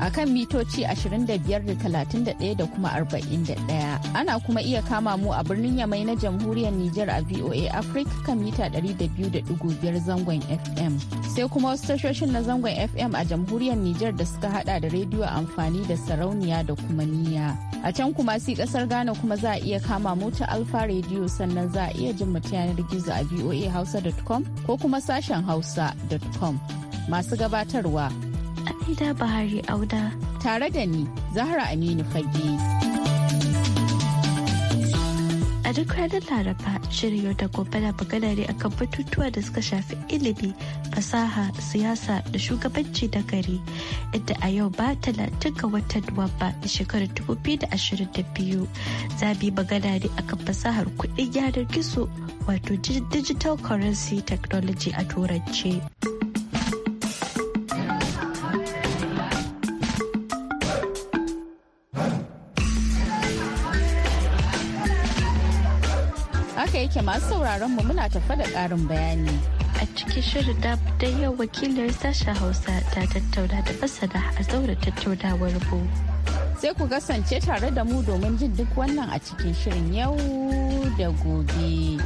a kan mitoci 25.31 da kuma 41. Ana kuma iya kama mu a birnin Yamai na jamhuriyar Nijar a VOA Africa kan mita 200.5 zangon FM. Sai kuma wasu tashoshin na zangon FM a jamhuriyar Nijar da suka hada da rediyo amfani da sarauniya da kuma niya. A can kuma si kasar Ghana kuma za a iya kama mota Alfa Radio sannan za a iya jin mutu yanar gizo a voahausa.com ko kuma sashen hausa.com. Masu gabatarwa Zahida Bahari Auda. Tare da ni, Zahra Aminu Fage. a duk ranar laraba shirin yau gobe da magana ne akan batutuwa da suka shafi ilimi fasaha siyasa da shugabanci da gari inda a yau ba talatin ga watan nuwamba da shekarar 2022 za bi magana ne fasahar kuɗin yanar gizo wato digital currency technology a Turanci. yake masu sauraron mu muna tafa da ƙarin bayani. A cikin shirin da yau wakilin sashen Hausa ta tattauna da fasada a zaura tattaunawar mu. Sai ku kasance tare da mu domin jin duk wannan a cikin shirin yau da gobe.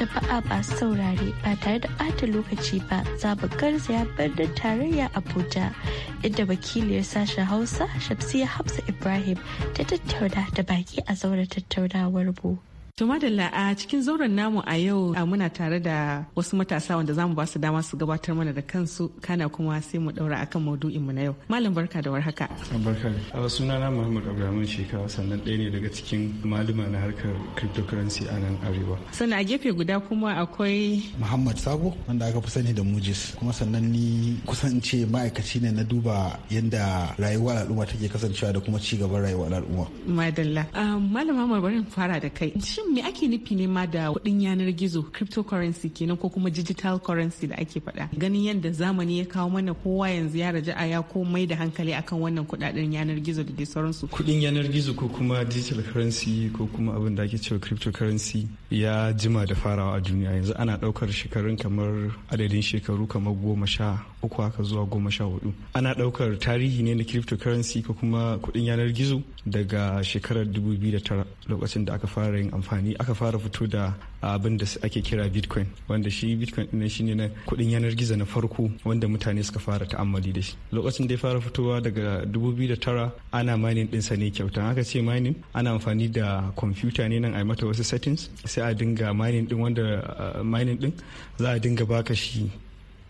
jama'a su saurare ba tare da ɓata lokaci ba za mu garzaya birnin tarayya abuja inda wakiliyar sashen hausa shamsiya hafsa ibrahim ta tattauna da baki a zauren tattaunawar mu. To madalla a cikin zauren namu a yau muna tare da wasu matasa wanda zamu ba su dama su gabatar mana da kansu kana kuma sai mu daura akan maudu'in mu na yau. Malam barka da warhaka. Barka. A sunana Muhammad Abdulrahman sheka sannan ɗaya ne daga cikin malama na harkar cryptocurrency a nan Arewa. Sannan a gefe guda kuma akwai Muhammad Sabo wanda aka fi sani da Mujis kuma sannan ni kusan ce ma'aikaci ne na duba yadda rayuwar al'umma take kasancewa da kuma ci gaban rayuwar al'umma. Madalla. Ah, Malam Muhammad bari fara da kai. Shin me ake nufi ne ma da kuɗin yanar gizo cryptocurrency kenan ko kuma digital currency da ake faɗa ganin yadda zamani ya kawo mana kowa yanzu ya raja a ya komai da hankali akan wannan kuɗaɗen yanar gizo da dai sauransu kuɗin yanar gizo ko kuma digital currency ko kuma abin da ake cewa cryptocurrency ya jima da farawa a duniya yanzu ana ɗaukar shekarun kamar adadin shekaru kamar goma sha uku haka zuwa goma sha hudu ana daukar tarihi ne na cryptocurrency ko kuma kudin yanar gizo daga shekarar 2009 lokacin da aka fara yin amfani aka fara fito da abin da ake kira bitcoin wanda shi bitcoin din shi ne na kudin yanar gizo na farko wanda mutane suka fara ta'ammali da shi lokacin da ya fara fitowa daga 2009 ana mining ɗinsa ne kyauta aka ce mining ana amfani da kwamfuta ne nan a mata wasu settings sai a dinga mining din wanda mining din za a dinga baka shi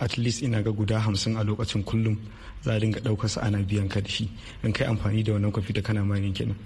at least ina ga guda hamsin a lokacin kullum za a dinga ɗaukar ana biyan ka da shi in kai amfani da wannan kwafi da kana manin kenan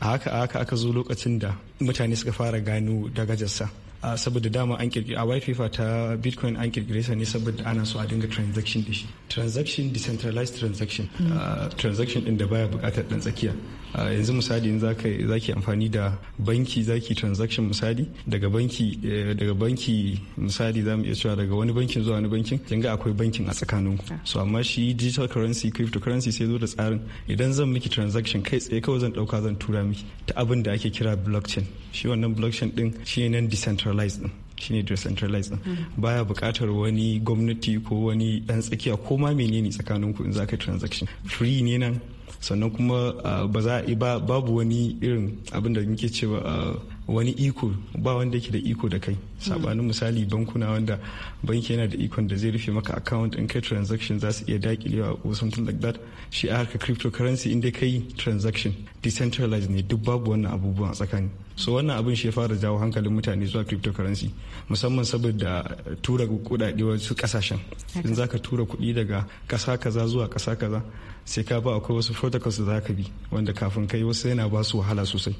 a haka a haka aka zo lokacin da mutane suka fara gano dagajarsa saboda dama an kirkiri a white paper ta bitcoin an kirkire sa ne saboda ana so a dinga transaction da shi transaction decentralized transaction hmm. transaction din da baya bukatar dan tsakiya yanzu misali in zaka zaki amfani da banki zaki transaction misali daga banki eh, daga banki misali zamu iya cewa daga wani bankin zuwa wani bankin kinga akwai bankin a tsakanin ku ah. so amma shi digital currency cryptocurrency sai zo da tsarin idan zan miki transaction kai tsaye kawai zan dauka zan tura miki ta abin da ake kira blockchain shi wannan blockchain din shi ne nan decentralized decentralized din shine decentralized din mm. baya bukatar wani gwamnati ko wani ɗan tsakiya ko ma menene tsakanin ku in za ka transaction free ne nan sannan kuma ah, ba za a babu wani irin abin da muke cewa ah, wani iko ba wanda yake da iko da kai sabanin misali bankuna wanda banki yana da ikon da zai rufe maka account in kai transaction za su iya dakilewa ko something like that shi a harka cryptocurrency in dai kai transaction decentralized ne duk babu wannan abubuwan tsakani so wannan abin shi ya fara jawo hankalin mutane zuwa cryptocurrency musamman saboda tura kudade wasu kasashen in zaka tura kuɗi daga kasa kaza zuwa kasa kaza sai ka ba akwai wasu protocols da zaka bi wanda kafin kai wasu yana ba su wahala sosai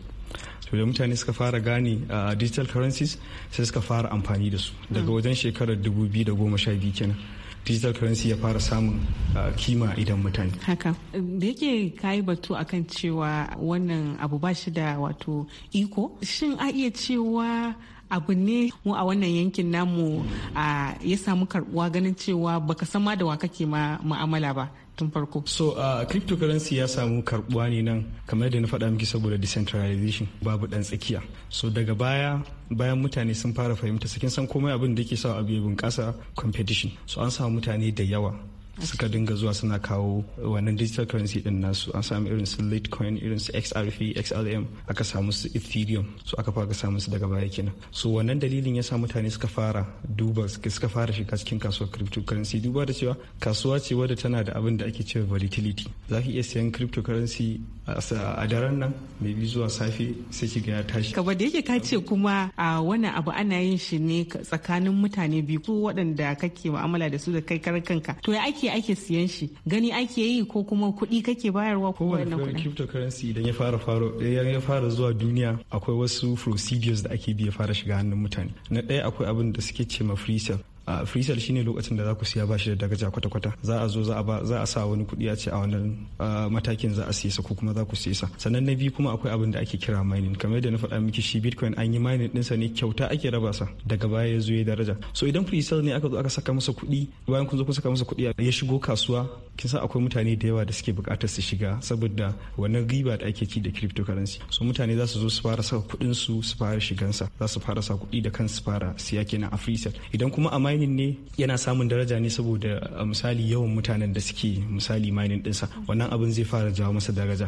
so da mutane suka fara gane a digital currencies sai suka fara amfani da su daga mm. wajen shekarar 2012 kenan digital currency ya fara samun kima idan mutane. Haka, da yake kayi batu akan cewa wannan abu ba shi da wato iko, shin a iya cewa abu ne mu a wannan yankin namu ya samu karbuwa ganin cewa baka san ma da wa kake ma mu'amala ba tun farko so uh, cryptocurrency ya samu karbuwa ne nan kamar da na faɗa miki saboda decentralization babu ɗan tsakiya so daga baya bayan mutane sun fara fahimta sakin san komai abin da ke sa abu ya bunƙasa competition so an samu mutane da yawa suka dinga zuwa suna kawo wannan digital currency din nasu an samu irin su litecoin irin su xrp xlm aka samu su ethereum so aka fara samu su daga baya kenan so wannan dalilin ya sa mutane suka fara duba suka fara shiga cikin kasuwar cryptocurrency duba da cewa kasuwa ce wadda tana da abin da ake cewa volatility za ka iya sayan cryptocurrency a daren nan mai bi zuwa safe sai ki ga ya tashi kaba da yake ka ce kuma a wannan abu ana yin shi ne tsakanin mutane biyu ko waɗanda kake mu'amala da su da kai kanka to ya ake ake siyan shi gani ake yi ko kuma kuɗi kake bayarwa ko wannan kuɗi cryptocurrency idan ya fara faro ya fara zuwa duniya akwai wasu procedures da ake bi ya fara shiga hannun mutane na ɗaya akwai abin da suke ce ma free sale a free shine lokacin da za ku siya bashi da daraja kwata-kwata za a zo za a sa wani kuɗi a ce a wannan matakin za a siya sa ko kuma za ku siya sa sannan na biyu kuma akwai abin da ake kira mining kamar yadda na faɗa miki shi bitcoin an yi mining ɗinsa ne kyauta ake raba sa daga baya ya zo ya daraja so idan free sale ne aka zo aka saka masa kuɗi bayan kun zo kun saka masa kuɗi ya shigo kasuwa kin san akwai mutane da yawa da suke buƙatar su shiga saboda wannan riba da ake ci da cryptocurrency so mutane za su zo su fara saka kuɗin su su fara shigansa za su fara sa kuɗi da kansu fara siya kenan a free idan kuma a mining mining ne yana samun daraja ne saboda misali yawan mutanen da suke misali mining dinsa wannan abin zai fara jawo masa daraja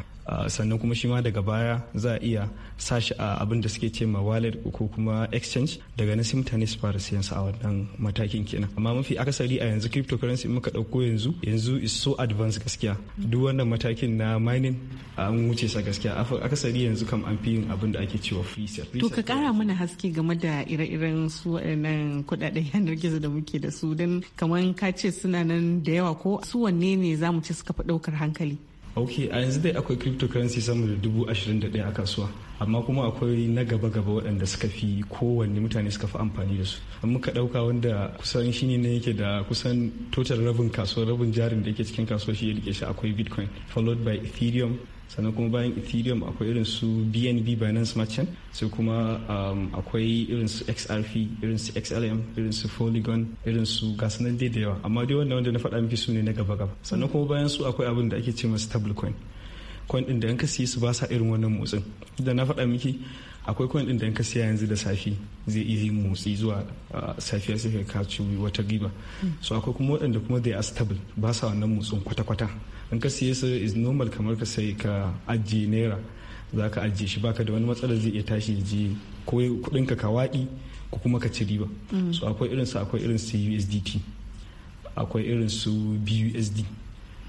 sannan kuma shi ma daga baya za a iya sashi a abin da suke ce ma wallet ko kuma exchange daga nan sai mutane su fara siyan sa a wannan matakin kenan amma mafi akasari a yanzu cryptocurrency muka dauko yanzu yanzu is so advanced gaskiya duk wannan matakin na mining an wuce sa gaskiya akasari yanzu kam an fi yin abin da ake cewa free sale to ka kara mana haske game da ire-iren su waɗannan kuɗaɗen yanar gizo da muke da su don kamar ka ce suna nan da yawa ko su wanne ne za mu ce suka fi ɗaukar hankali ok a yanzu dai akwai cryptocurrency sama da dubu ashirin da daya a kasuwa amma kuma akwai na gaba-gaba waɗanda suka fi kowanne mutane suka fi amfani da su muka ɗauka wanda kusan shi ne yake da kusan total rabin kasuwa rabin jarin da yake cikin kasuwa shi ya rike shi akwai bitcoin followed by ethereum sannan kuma bayan ethereum akwai irin su bnb binance smart sai kuma um, akwai irin su xrp irin su xlm irin su polygon irin su gasu nan da yawa amma dai wannan wanda na faɗa miki su ne na gaba gaba sannan kuma bayan su akwai abin da ake ce masu stable coin coin din da in ka su ba sa irin wannan motsin da na faɗa miki akwai coin din da ka siya yanzu da safi zai iya yin motsi zuwa safiya sai ka ci wata riba so akwai kuma waɗanda kuma they are stable ba sa wannan motsin kwata-kwata in ka siya su is normal kamar ka sai ka ajiye naira za ka ajiye shi baka da wani matsalar zai iya tashi je ko kuɗin ka waɗi ko kuma ka ci riba mm. so akwai irin su akwai irin su USDT akwai irin su BUSD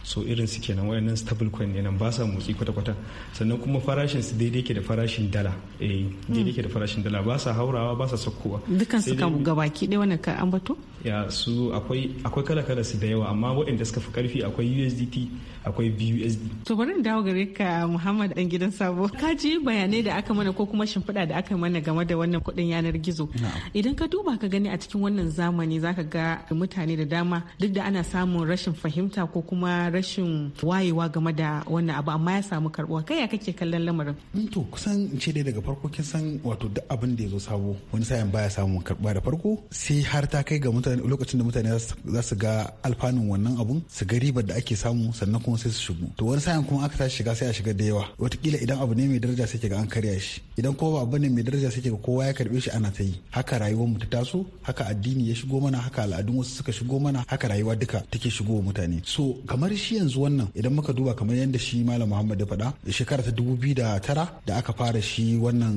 so irin su kenan wayannan stable coin ne nan ba sa motsi kwata-kwata sannan kuma farashin su daidai ke da farashin dala eh daidai ke da farashin dala ba sa haurawa ba sa sakkowa dukkan su kan gabaki ɗaya wannan kan ambato ya su akwai akwai kala-kala su da yawa amma waɗanda suka fi karfi akwai USDT akwai BUSD to bari dawo gare ka Muhammad dan gidan sabo ka ji bayanai da aka mana ko kuma shimfiɗa da aka mana game da wannan kuɗin yanar gizo idan ka duba ka gani a cikin wannan zamani zaka ga mutane da dama duk da ana samun rashin fahimta ko kuma rashin wayewa game da wannan abu amma ya samu karbuwa kai ya kake kallon lamarin mm, to kusan in ce dai daga farko kin san wato duk abin da ya zo sabo wani sayan baya samun karbuwa da farko sai har ta kai ga mutane lokacin da mutane za su ga alfanun wannan abun su ga ribar da ake samu sannan kuma sai su shigo to wani sayan kuma aka tashi shiga sai a shiga da yawa watakila idan abu ne mai daraja sai ga an karya shi idan kuma abu ne mai daraja sai ga kowa ya karbe shi ana ta yi haka rayuwar mu ta taso haka addini ya shigo mana haka al'adun wasu suka shigo mana haka rayuwa duka take shigo mutane so kamar shi yanzu wannan idan muka duba kamar yadda shi malam muhammad ya faɗa shekara ta dubu biyu da tara da aka fara shi wannan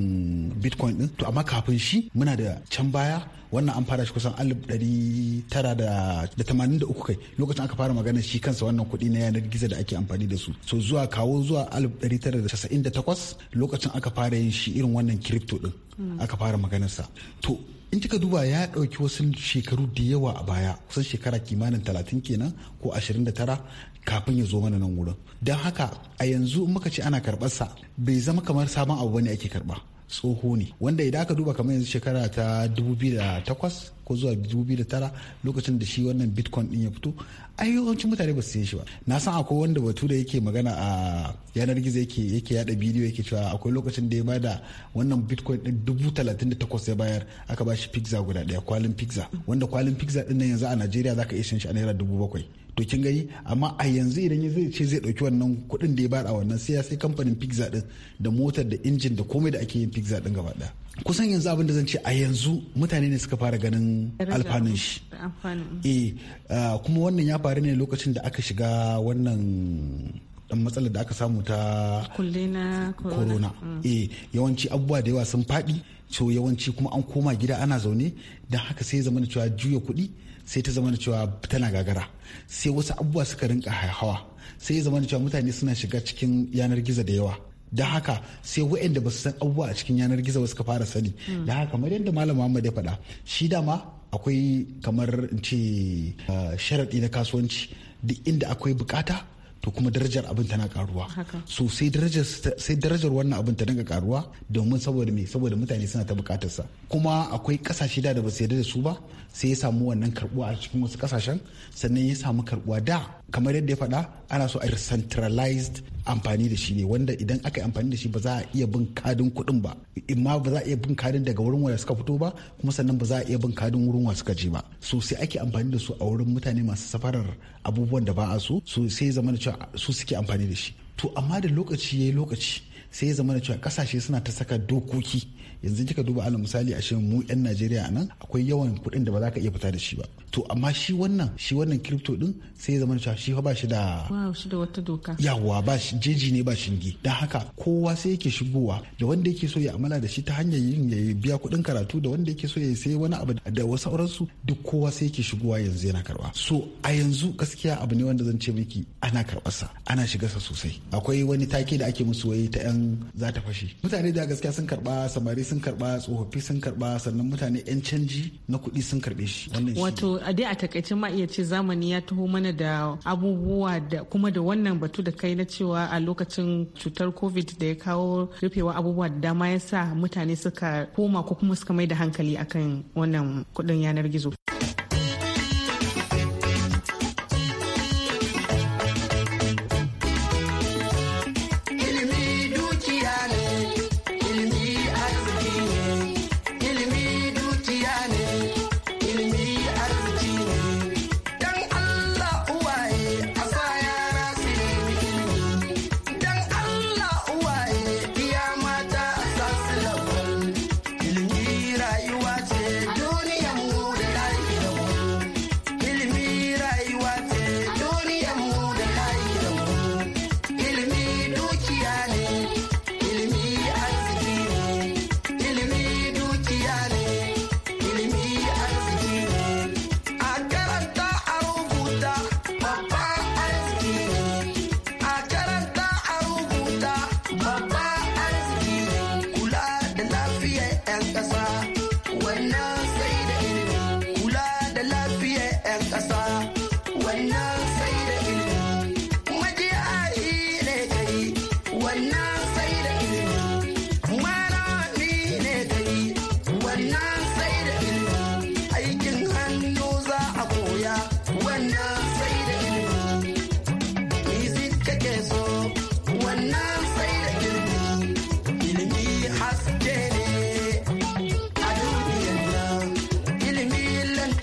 bitcoin din to amma kafin shi muna da can baya wannan an fara shi kusan alif ɗari tara da tamanin da uku kai lokacin aka fara magana shi kansa wannan kuɗi na yanar gizo da ake amfani da su so zuwa kawo zuwa alif ɗari tara da casa'in da takwas lokacin aka fara yin shi irin wannan kiripto din aka fara sa to in kika duba ya ɗauki wasu shekaru da yawa a baya kusan shekara kimanin talatin kenan ko ashirin da tara kafin ya zo mana nan wurin don haka a yanzu muka ce ana karɓarsa bai zama kamar sabon abu bane ake karɓa tsoho ne wanda idan aka duba kamar yanzu shekara ta 2008 ko zuwa 2009 lokacin da shi wannan bitcoin din ya fito ai yawancin mutane ba su shi ba na san akwai wanda batu da yake magana a yanar gizo yake yake yada bidiyo yake cewa akwai lokacin da ya ba da wannan bitcoin din dubu talatin ya bayar aka ba shi pizza guda daya kwalin pizza wanda kwalin pizza din nan yanzu a najeriya za ka iya shan shi a naira dubu bakwai to kin gani amma a yanzu idan ya zai ce zai dauki wannan kuɗin da ya bada wannan sai ya sai kamfanin pizza din da motar da injin da komai da ake yin pizza din gaba daya kusan yanzu abin da zan ce a yanzu mutane ne suka fara ganin alfanun shi eh kuma wannan ya faru ne lokacin da aka shiga wannan dan matsalar da aka samu ta corona mm. eh yawanci abubuwa da yawa sun faɗi so yawanci kuma an koma gida ana zaune don haka sai zama da cewa juya kuɗi sai ta zama da cewa tana gagara sai wasu abubuwa suka rinka hawa sai zama da cewa mutane suna shiga cikin yanar gizo da yawa da haka sai waɗanda ba su san abubuwa a cikin yanar gizo ba suka fara sani da haka kamar yadda malam Muhammad ya faɗa shi dama akwai kamar in ce eh, sharaɗi na kasuwanci duk inda akwai bukata to kuma darajar abin tana karuwa so sai darajar wannan abin ta dinga karuwa domin saboda me saboda mutane suna ta bukatar kuma akwai kasashe da ba su yarda da su ba sai ya samu wannan karbuwa a cikin wasu kasashen sannan ya samu karbuwa da kamar yadda ya faɗa ana so a centralized amfani da shi ne wanda idan aka yi amfani da shi ba za a iya bin kadin kuɗin ba imma ba za a iya bin kadin daga wurin waya suka fito ba kuma sannan ba za a iya bin kadin wurin wa suka je ba so sai ake amfani da su a wurin mutane masu safarar abubuwan da ba a so so sai zama da cewa su suke amfani da shi to amma da lokaci ya yi lokaci sai ya zama da cewa kasashe suna ta saka dokoki yanzu kika duba alal misali a mu yan Najeriya nan akwai yawan kuɗin da ba za ka iya fita da shi ba to amma shi wannan shi wannan crypto din sai ya zama cewa shi fa ba shi da ba shi da wata doka yawa ba shi jeji ne ba shinge don haka kowa sai yake shigowa da wanda yake so ya amala da shi ta hanyar yin ya biya kuɗin karatu da wanda yake so ya sai wani abu da wasu sauransu duk kowa sai yake shigowa yanzu yana karba so a yanzu gaskiya abu ne wanda zan ce miki ana karbarsa ana shiga sa sosai akwai wani take da ake musu wai ta yan za ta fashe mutane da gaskiya sun karba samari sun sun karba tsofaffi sun karba sannan mutane yan canji na kuɗi sun karbe shi wato a dai a takaice ma iya ce zamani ya taho mana da abubuwa da kuma da wannan batu da kai na cewa a lokacin cutar covid da ya kawo rufewa abubuwa da dama ya sa mutane suka koma ko kuma suka mai da hankali akan wannan kuɗin yanar gizo.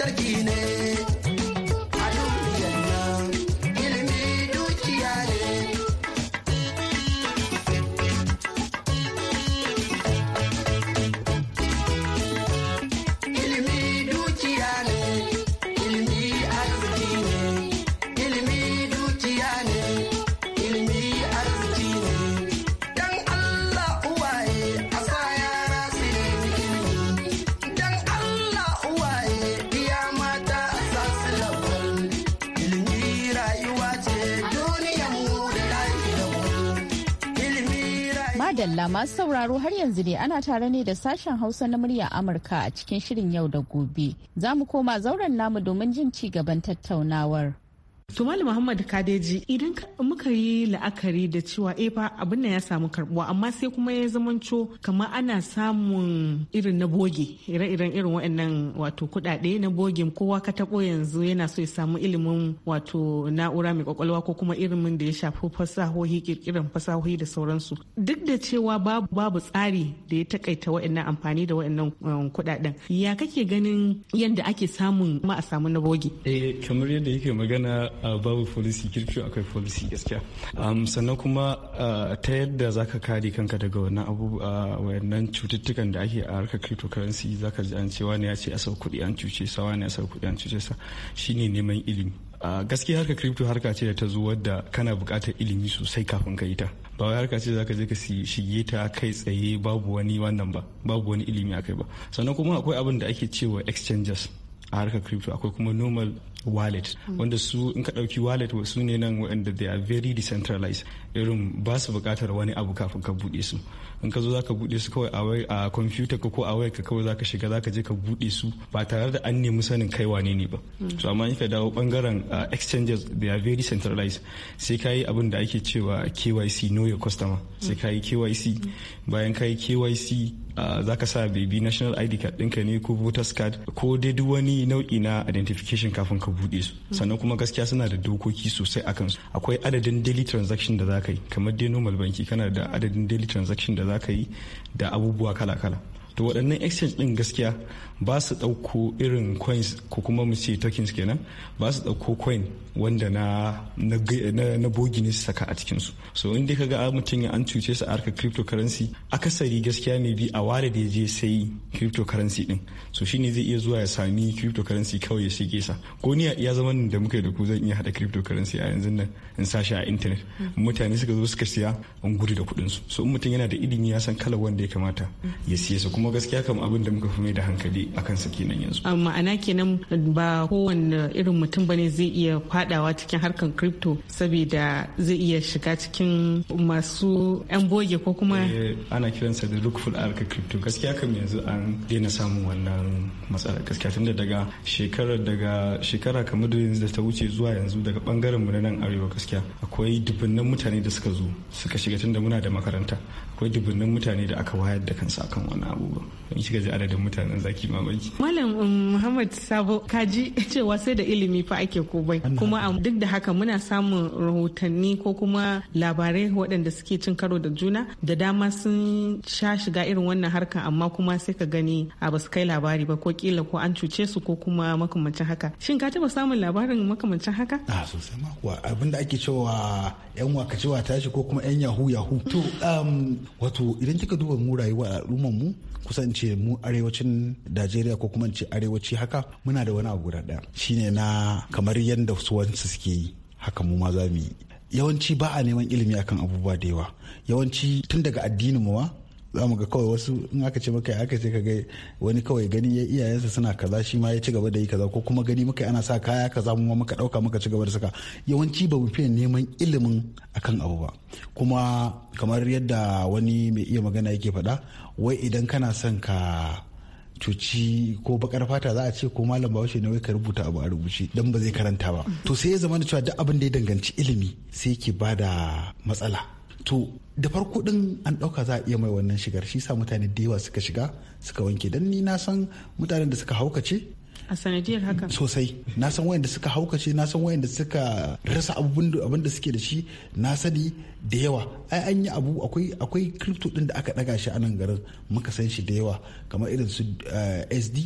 lantarki ne. Masu sauraro har yanzu ne ana tare ne da sashen Hausa na murya Amurka a cikin shirin yau da gobe. Za mu koma zauren namu domin jin ci gaban tattaunawar. To Muhammad Kadeji idan muka yi la'akari da cewa e fa abin nan ya samu karbuwa amma sai kuma ya zamanco kamar ana samun irin na boge ire-iren irin waɗannan wato kuɗaɗe na bogin kowa ka taɓo yanzu yana so ya samu ilimin wato na'ura mai kwakwalwa ko kuma ilimin da ya shafi fasahohi kirkiran fasahohi da sauransu duk da cewa babu tsari da ya takaita waɗannan amfani da waɗannan um, kuɗaɗen ya kake ganin yadda ake samun ma a samu na boge. Eh kamar yadda yake magana babu policy kirfi akwai policy gaskiya sannan kuma ta yadda za ka kare kanka daga wannan abu wayannan cututtukan da ake a harkar cryptocurrency za ka ji an ce wani ya ce a sau kuɗi an cuce sa wani ya sau kuɗi an cuce sa shine neman ilimi gaskiya harkar crypto harka ce da ta zo wadda kana buƙatar ilimi sosai kafin ka yi ta ba wai harka ce za ka je ka shige ta kai tsaye babu wani wannan ba babu wani ilimi a kai ba sannan kuma akwai abin da ake cewa exchanges a harkar crypto akwai kuma normal wallet hmm. wanda su in ka dauki wallet su ne nan waɗanda they are very decentralized irin ba su buƙatar wani abu kafin ka buɗe su in ka zo za ka buɗe su kawai a computer ka ko a wayar ka kawai za ka shiga za ka je ka buɗe su ba tare da an nemi sanin kai wane ne ba hmm. so amma in ka dawo bangaren exchanges they are very centralized sai ka yi abin da ake cewa KYC know your customer sai ka yi KYC hmm. bayan ka yi KYC za ka sa baby national id card ɗinka ne ko voters card ko dai duk wani nau'i na identification kafin ka buɗe su sannan kuma gaskiya suna da dokoki sosai a kansu akwai adadin daily transaction da za ka yi kamar dai normal banki kana da adadin daily transaction da za ka yi da abubuwa kala-kala to waɗannan exchange ɗin gaskiya ba su ɗauko irin coins ko kuma mu ce tokens kenan ba su ɗauko coin wanda na na bogi ne su saka a cikinsu so in dai kaga mutum ya an cuce su a harkar cryptocurrency akasari gaskiya mai bi a ware da ya je sai cryptocurrency din so shine zai iya zuwa ya sami cryptocurrency kawai ya shige sa ko ni ya zama da muka da ku zan iya hada cryptocurrency a yanzu nan in sashi a internet mutane suka zo suka siya an gudu da kuɗin su so in mutum yana da ilimi ya san kalar wanda ya kamata ya siya su kuma gaskiya kam abin da muka fi mai da hankali a a kansa kenan yanzu ah, ma'ana kenan ba kowanne irin mutum bane zai iya fadawa cikin harkar crypto saboda zai iya shiga cikin masu yan boge ko kuma eh, ana kiransa da rukful harkar crypto gaskiya kam yanzu an daina samun wannan matsala gaskiya tunda daga shekarar daga shekara kamar da yanzu da ta wuce zuwa yanzu daga bangaren mu na nan arewa gaskiya akwai dubunnan mutane da suka zo suka shiga tunda muna da makaranta Ko dubunnan mutane da aka wayar da kansu akan wani ba, in shiga ji adadin mutanen zaki mamaki malam um, muhammad sabo kaji cewa sai da ilimi fa ake komai kuma duk da haka muna samun rahotanni ko kuma labarai waɗanda suke cin karo da juna da dama sun sha shiga irin wannan harkan amma kuma sai ka gani a basu kai labari ba ko kila ko an cuce su ko kuma makamancin haka shin ka taba samun labarin makamancin haka a sosai ma kuwa abinda ake cewa yan wakacewa tashi ko kuma yan yahu yahu to um, wato idan kika duba mu rayuwa a al'ummar mu kusan ce mu arewacin Najeriya ko kuma ce arewaci haka muna da wani abu guda ɗaya shine na kamar yadda su wansu suke yi haka mu ma za mu yi yawanci ba a neman ilimi akan abubuwa da yawa yawanci tun daga addinin mu za mu ga kawai wasu in aka ce maka aka ce ka ga wani kawai gani ya iyayensa suna kaza shi ma ya ci gaba da yi kaza ko kuma gani muka ana sa kaya kaza mu ma muka dauka muka ci gaba da saka yawanci ba mu fiye neman ilimin akan abu ba kuma kamar yadda wani mai iya magana yake faɗa wai idan kana son ka cuci ko bakar fata za a ce ko malam ba ne wai ka rubuta abu a rubuce dan ba zai karanta ba to sai ya zama da cewa duk abin da ya danganci ilimi sai ke bada matsala to da farko din an ɗauka za a iya mai wannan shigar shi sa mutane da yawa suka shiga suka wanke dan ni na san mutanen da suka haukace a sanadiyar haka sosai na san wayanda suka haukace na san wayanda suka rasa abin da suke da shi na sani da yawa ai an yi abu akwai akwai crypto din da aka daga shi a nan garin muka san shi da yawa kamar irin su eh, sd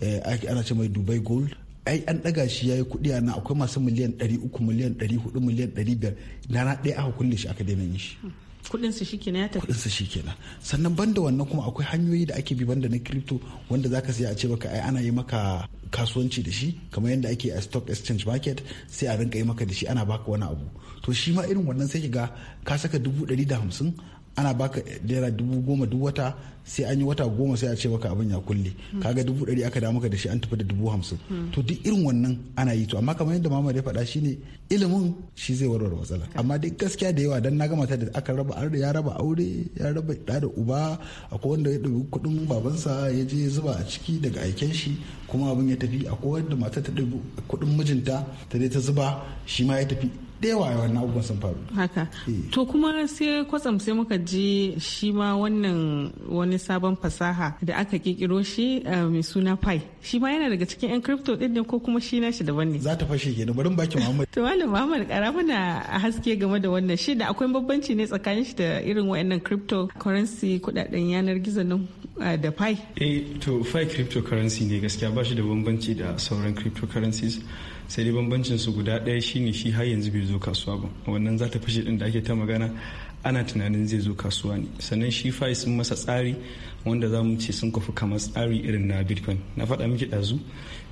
eh, ana ce mai dubai gold ai an daga shi yayi kuɗi ana akwai masu miliyan 300 miliyan 400 miliyan 500 na na ɗaya aka kulle shi aka daina shi hmm. kudin su shikenan ya tafi kudin su shikenan sannan banda wannan kuma akwai hanyoyi da ake bi banda na crypto wanda zaka saya a ce maka ai ana yi maka kasuwanci da shi kamar yadda ake a stock exchange market sai a rinka yi maka da shi ana baka wani abu to shi ma irin wannan sai ga ka saka dubu ɗari da hamsin ana baka naira dubu goma duk wata sai an yi wata goma sai a ce maka abin ya kulle kaga dubu ɗari aka da maka da shi an tafi da dubu hamsin to duk irin wannan ana yi to amma kamar yadda mama ya faɗa shine ilimin shi zai warware matsala amma duk gaskiya da yawa dan na gama ta da aka raba an ya raba aure ya raba da da uba akwai wanda ya dubi kuɗin babansa ya je zuba a ciki daga aiken shi kuma abin ya tafi akwai wanda mata ta dubi kuɗin mijinta ta dai ta zuba shi ma ya tafi da yawa na abubuwan sun faru haka eh. to kuma sai kwatsam sai muka ji shi ma wannan wani sabon fasaha da aka kirkiro shi eh, mai suna pi shi ma yana daga cikin yan crypto din ne ko kuma shi na shi daban ne za ta fashe ke bari baki muhammad to malam muhammad kara mana haske game da wannan shi da akwai bambanci ne tsakanin shi da irin wayannan crypto currency kudaden yanar gizo nan eh, da pi eh to pi cryptocurrency ne gaskiya ba shi da bambanci da sauran cryptocurrencies sai dai bambancin su guda ɗaya shine shi har yanzu bai zo kasuwa ba wannan za ta fashe din da ake ta magana ana tunanin zai zo kasuwa ne sannan shi fai sun masa tsari wanda za mu ce sun kwafi kamar tsari irin na bitcoin na faɗa miki ɗazu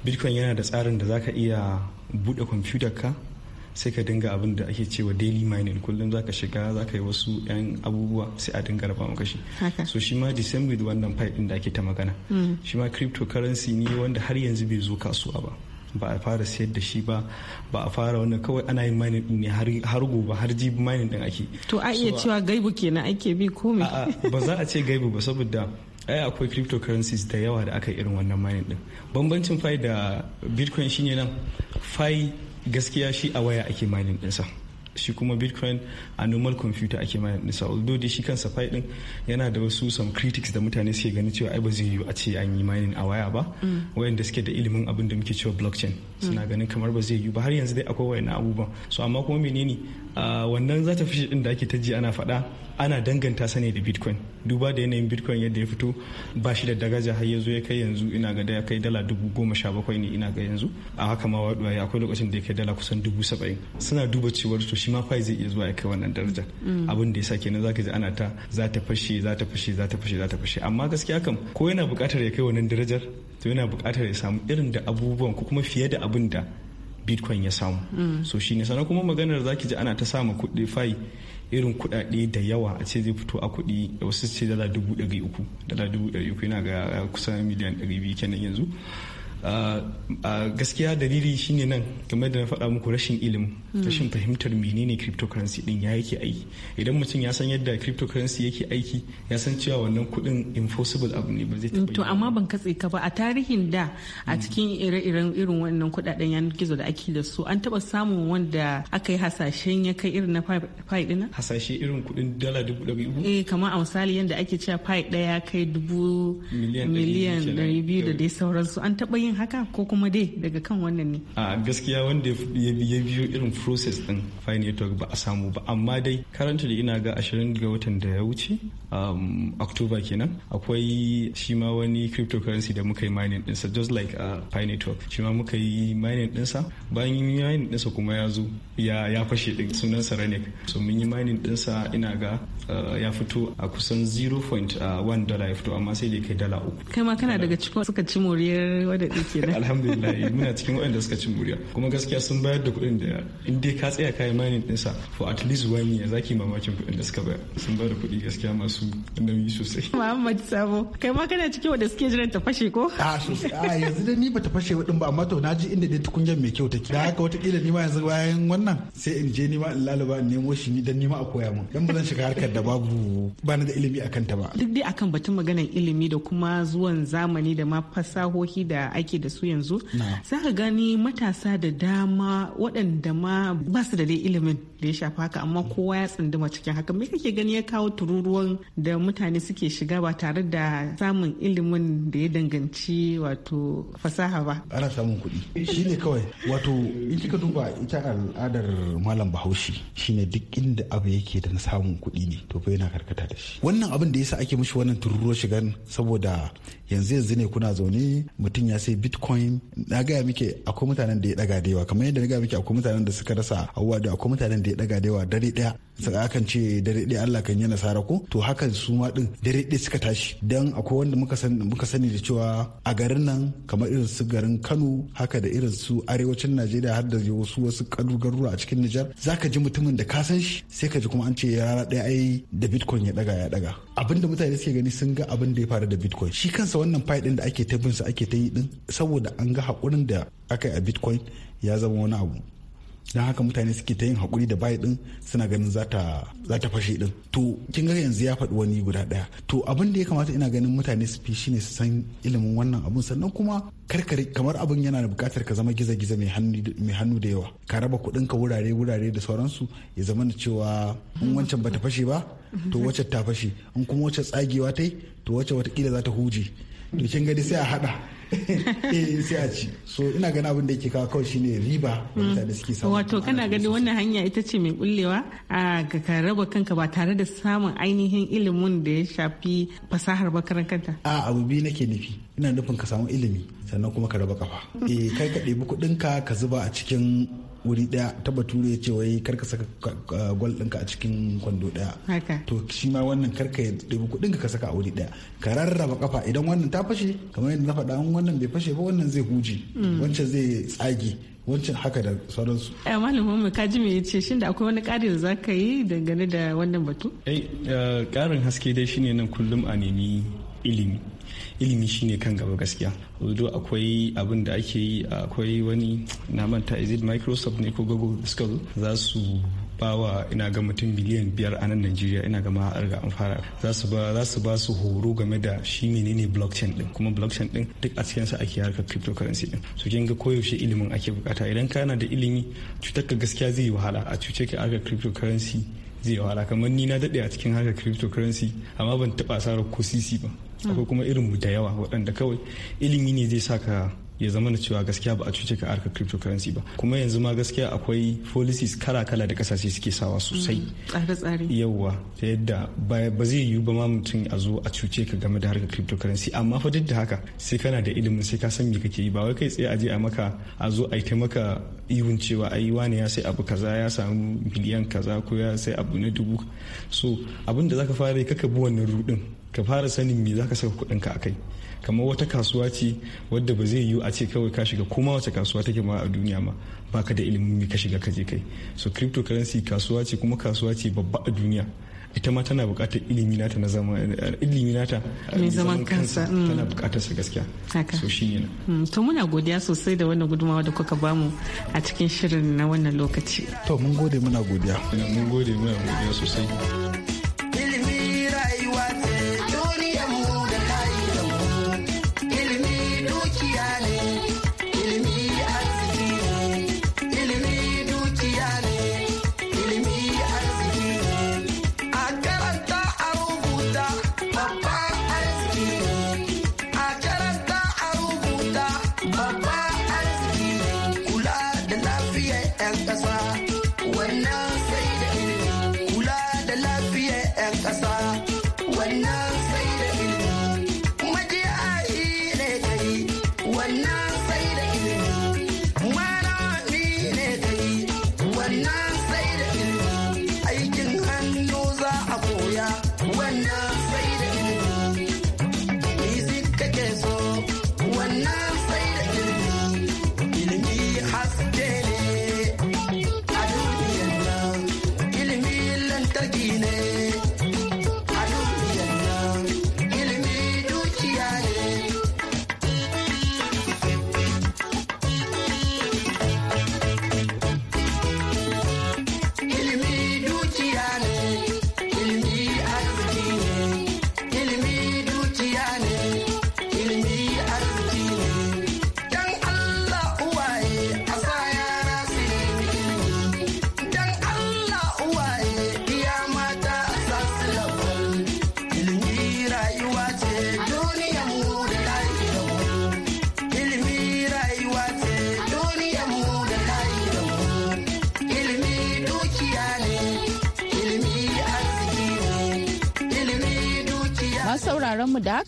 bitcoin yana da tsarin da za ka iya buɗe kwamfutar ka sai ka dinga abin da ake cewa daily mining kullum zaka shiga zaka yi wasu 'yan abubuwa sai a dinga raba maka shi so shi ma same with wannan pipe da ake ta magana mm. shi ma cryptocurrency ne wanda har yanzu bai zo kasuwa ba ba a fara siyar da shi ba ba a fara wannan kawai ana yin mining din ne har gobe har jibi mining din ake to a iya cewa gaibu kenan ake bi ko me ba za a ce gaibu ba saboda ai akwai cryptocurrencies da yawa da aka irin wannan mining din bambancin fai da bitcoin shine nan fai gaskiya shi a waya ake mining sa. shi kuma bitcoin a normal computer ake mai nisa although dai shi kansa fai din yana da wasu some critics da mutane suke ganin cewa ai ba zai yiwu a ce an yi mining a waya ba mm. wayanda suke da ilimin abin da muke cewa blockchain suna mm. ganin kamar ba zai yiwu ba har yanzu dai akwai wayannan abubuwan so amma kuma menene ah, wannan zata fi din da ake ta ana faɗa ana danganta sani da bitcoin duba da yanayin bitcoin yadda ya fito ba shi da dagaja har ya zo ya kai yanzu ina ga ya kai dala dubu goma sha bakwai ne ina ga yanzu a haka ma waduwa ya akwai lokacin da ya kai dala kusan dubu saba'in suna duba cewar to shi ma fai zai iya zuwa ya kai wannan daraja mm. abin da ya sa kenan zaka ji ana ta za ta fashe za ta fashe za ta fashe za ta fashe amma gaskiya kam ko yana buƙatar ya kai wannan darajar to yana buƙatar ya samu irin da abubuwan ko kuma fiye da abin da bitcoin ya samu mm. so shine sannan kuma maganar zaki ji ana ta sama kuɗi fai irin kudade da yawa a ce zai fito a kuɗi wasu ce dala dubu ɗari uku dala dubu ɗari uku yana ga kusan miliyan ɗari biyu kenan yanzu gaskiya dalili shine nan game da na faɗa muku rashin ilimi hmm. rashin fahimtar menene cryptocurrency din ya yake aiki idan mutum ya san yadda cryptocurrency yake aiki ya san cewa wannan kuɗin impossible abu ne ba zai taɓa to amma ban katse ka ba a tarihin da a hmm. cikin ire-iren irin wannan kudaden yanar gizo da ake da su an taɓa samun wanda aka yi hasashen ya kai irin na fai ɗina hasashe irin kuɗin dala dubu da uku eh kamar a misali yadda ake cewa fai ɗaya kai dubu miliyan ɗari biyu da dai sauransu an taɓa yin haka ko kuma dai daga kan wannan ne a gaskiya wanda ya biyo irin process din fine network ba a samu ba amma dai karanta da ina ga 20 ga watan da ya wuce um, october kenan akwai shi ma wani cryptocurrency da muka yi mining dinsa just like a uh, fine network shi ma muka yi mining dinsa bayan yi mining dinsa kuma ya zo ya fashe din sunan saranic so mun yi mining dinsa ina ga uh, ya fito a kusan 0.1 uh, dollar ya fito amma sai dai kai dala uku kai ma kana daga cikin suka ci moriyar wadda kuɗi kenan alhamdulillah muna cikin waɗanda suka ci muriya kuma gaskiya sun bayar da kuɗin da in dai ka tsaya kayan mining ɗinsa for at least one year zaki mamakin kuɗin da suka bayar sun bayar da kuɗi gaskiya masu nauyi sosai Muhammad Sabo kai ma kana cikin wanda suke jiran ta fashe ko a ah, sosai a ah, yanzu dai ni bata fashe wadin ba amma to na ji inda dai tukunyar mai kyau take da haka watakila ni ma yanzu bayan wannan sai in je ni ma in lalaba in nemo shi ni dan ni ma a koya min dan ba zan shiga harkar da babu ba da ilimi akan ta ba duk dai akan batun maganar ilimi da kuma zuwan zamani da ma fasahohi da ake ake da su yanzu za ka gani matasa da dama waɗanda ma ba su da dai ilimin da ya shafa haka amma kowa ya tsunduma cikin haka me kake gani ya kawo tururuwan da mutane suke shiga ba tare da samun ilimin da ya danganci wato fasaha ba ana samun kuɗi shine kawai wato in kika duba ita al'adar malam bahaushe shine duk inda abu yake da na samun kuɗi ne to fa yana karkata da shi wannan abin da yasa ake mishi wannan tururuwar shigan saboda yanzu yanzu ne kuna zaune mutum ya sai bitcoin na gaya muke akwai mutanen da ya daga da yawa kamar yadda na gaya muke akwai mutanen da suka rasa hawa da akwai mutanen da ya daga da yawa dare daya akan ce dare ɗaya Allah kan yi nasara ko to hakan su ma din dare ɗaya suka tashi dan akwai wanda muka sani muka sani da cewa a garin nan kamar irin su garin Kano haka da irin su arewacin Najeriya har da wasu wasu garuruwa a cikin Nijar zaka ji mutumin da ka san shi sai ka ji kuma an ce rana ɗaya ai da Bitcoin ya daga ya daga abinda mutane suke gani sun ga abin da ya faru da Bitcoin shi kansa wannan fai din da ake ta bin ake ta yi din saboda an ga hakurin da aka yi a Bitcoin ya zama wani abu don haka mutane suke ta yin hakuri da bayi din suna ganin za ta fashe din to kin ga yanzu ya faɗi wani guda ɗaya to abin da ya kamata ina ganin mutane su fi shine su san ilimin wannan abun sannan kuma karkare kamar abin yana da buƙatar ka zama giza-giza mai hannu da yawa ka raba kuɗin ka wurare wurare da sauransu ya zama da cewa in wancan bata fashe ba to wacce ta fashe in kuma wacce tsagewa ta yi to wacce watakila za ta huje to kin gani sai a haɗa Eh, eh, sai a ci so ina ganin abin da yake kawo kawai shine riba da suke samu wato kana gani wannan hanya ita ce mai bullewa a ga ka raba kanka ba tare da samun ainihin ilimin da ya shafi fasahar ba kanta a abu biyu nake nufi ina nufin ka samu ilimi sannan kuma ka raba kafa eh kai ka ɗebi kuɗinka ka zuba a cikin wuri ɗaya ta bature ya ce wai karka saka gwal ɗinka a cikin kwando ɗaya to shi ma wannan karka ya ɗebi kuɗin ka saka a wuri ɗaya ka rarraba kafa idan wannan ta fashe kamar yadda na faɗa in wannan bai fashe ba wannan zai huji mm. wancan zai tsage wancan haka da sauransu. Eh malamin mu kaji me yace shin da akwai wani ƙari da za ka yi dangane da wannan batu? Eh, eh ƙarin haske dai shine nan kullum a nemi ilimi. ilimi shine kan gaba gaskiya although akwai abin da ake yi akwai wani na manta is microsoft ne ko google da za su bawa ina ga mutum miliyan biyar a nan Najeriya ina ga ma riga an za su ba su horo game da shi menene blockchain din kuma blockchain din duk a cikin sa ake harkar cryptocurrency din su kin ga koyaushe ilimin ake bukata idan kana da ilimi cutar ka gaskiya zai yi wahala a cuce ka harkar cryptocurrency zai wahala kamar ni na daɗe a cikin harkar cryptocurrency amma ban taba sarar ko sisi ba akwai mm. kuma irin mu da yawa waɗanda kawai ilimi ne zai saka ya zama na cewa gaskiya ba a cuce ka harkar cryptocurrency ba kuma yanzu ma gaskiya akwai policies kala-kala da kasashe suke sawa sosai mm. tsare tsare. yawa ta yadda ba zai yiwu ba ma mutum a zo a cuce ka game da harkar cryptocurrency amma fa duk da haka sai kana da ilimin sai ka san me kake yi ba wai kai tsaye a je a maka a zo a yi maka ihun cewa ai wane ya sai abu kaza ya samu miliyan kaza ko ya sai abu na dubu so abin da zaka fara yi kaka bi wannan rudin ka fara sanin me zaka saka kudin ka akai kamar wata kasuwa ce wadda ba zai yiwu a ce kawai ka shiga kuma wata kasuwa take ma a duniya ma baka da ilimin me ka shiga ka je kai so cryptocurrency kasuwa ce kuma kasuwa ce babba a duniya ita ma tana bukatar ilimi nata na zama ilimi nata mai zaman kansa mm. tana bukatar sa gaskiya so shi ne mm, to muna godiya sosai da wannan gudumawa da kuka bamu a cikin shirin na wannan lokaci to mun gode muna godiya mun gode muna godiya sosai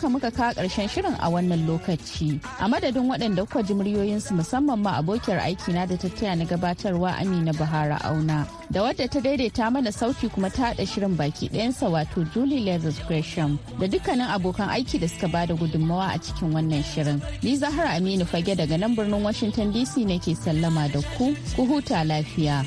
haka muka kawo ƙarshen shirin a wannan lokaci. A madadin waɗanda kuka ji muryoyinsu musamman ma abokiyar aiki na da ta taya na gabatarwa Amina Bahara Auna. Da wadda ta daidaita mana sauti kuma ta haɗa shirin baki ɗayansa wato Julie Leathers Gresham da dukkanin abokan aiki da suka bada gudunmawa a cikin wannan shirin. Ni Zahra Aminu Fage daga nan birnin Washington DC nake sallama da ku, ku huta lafiya.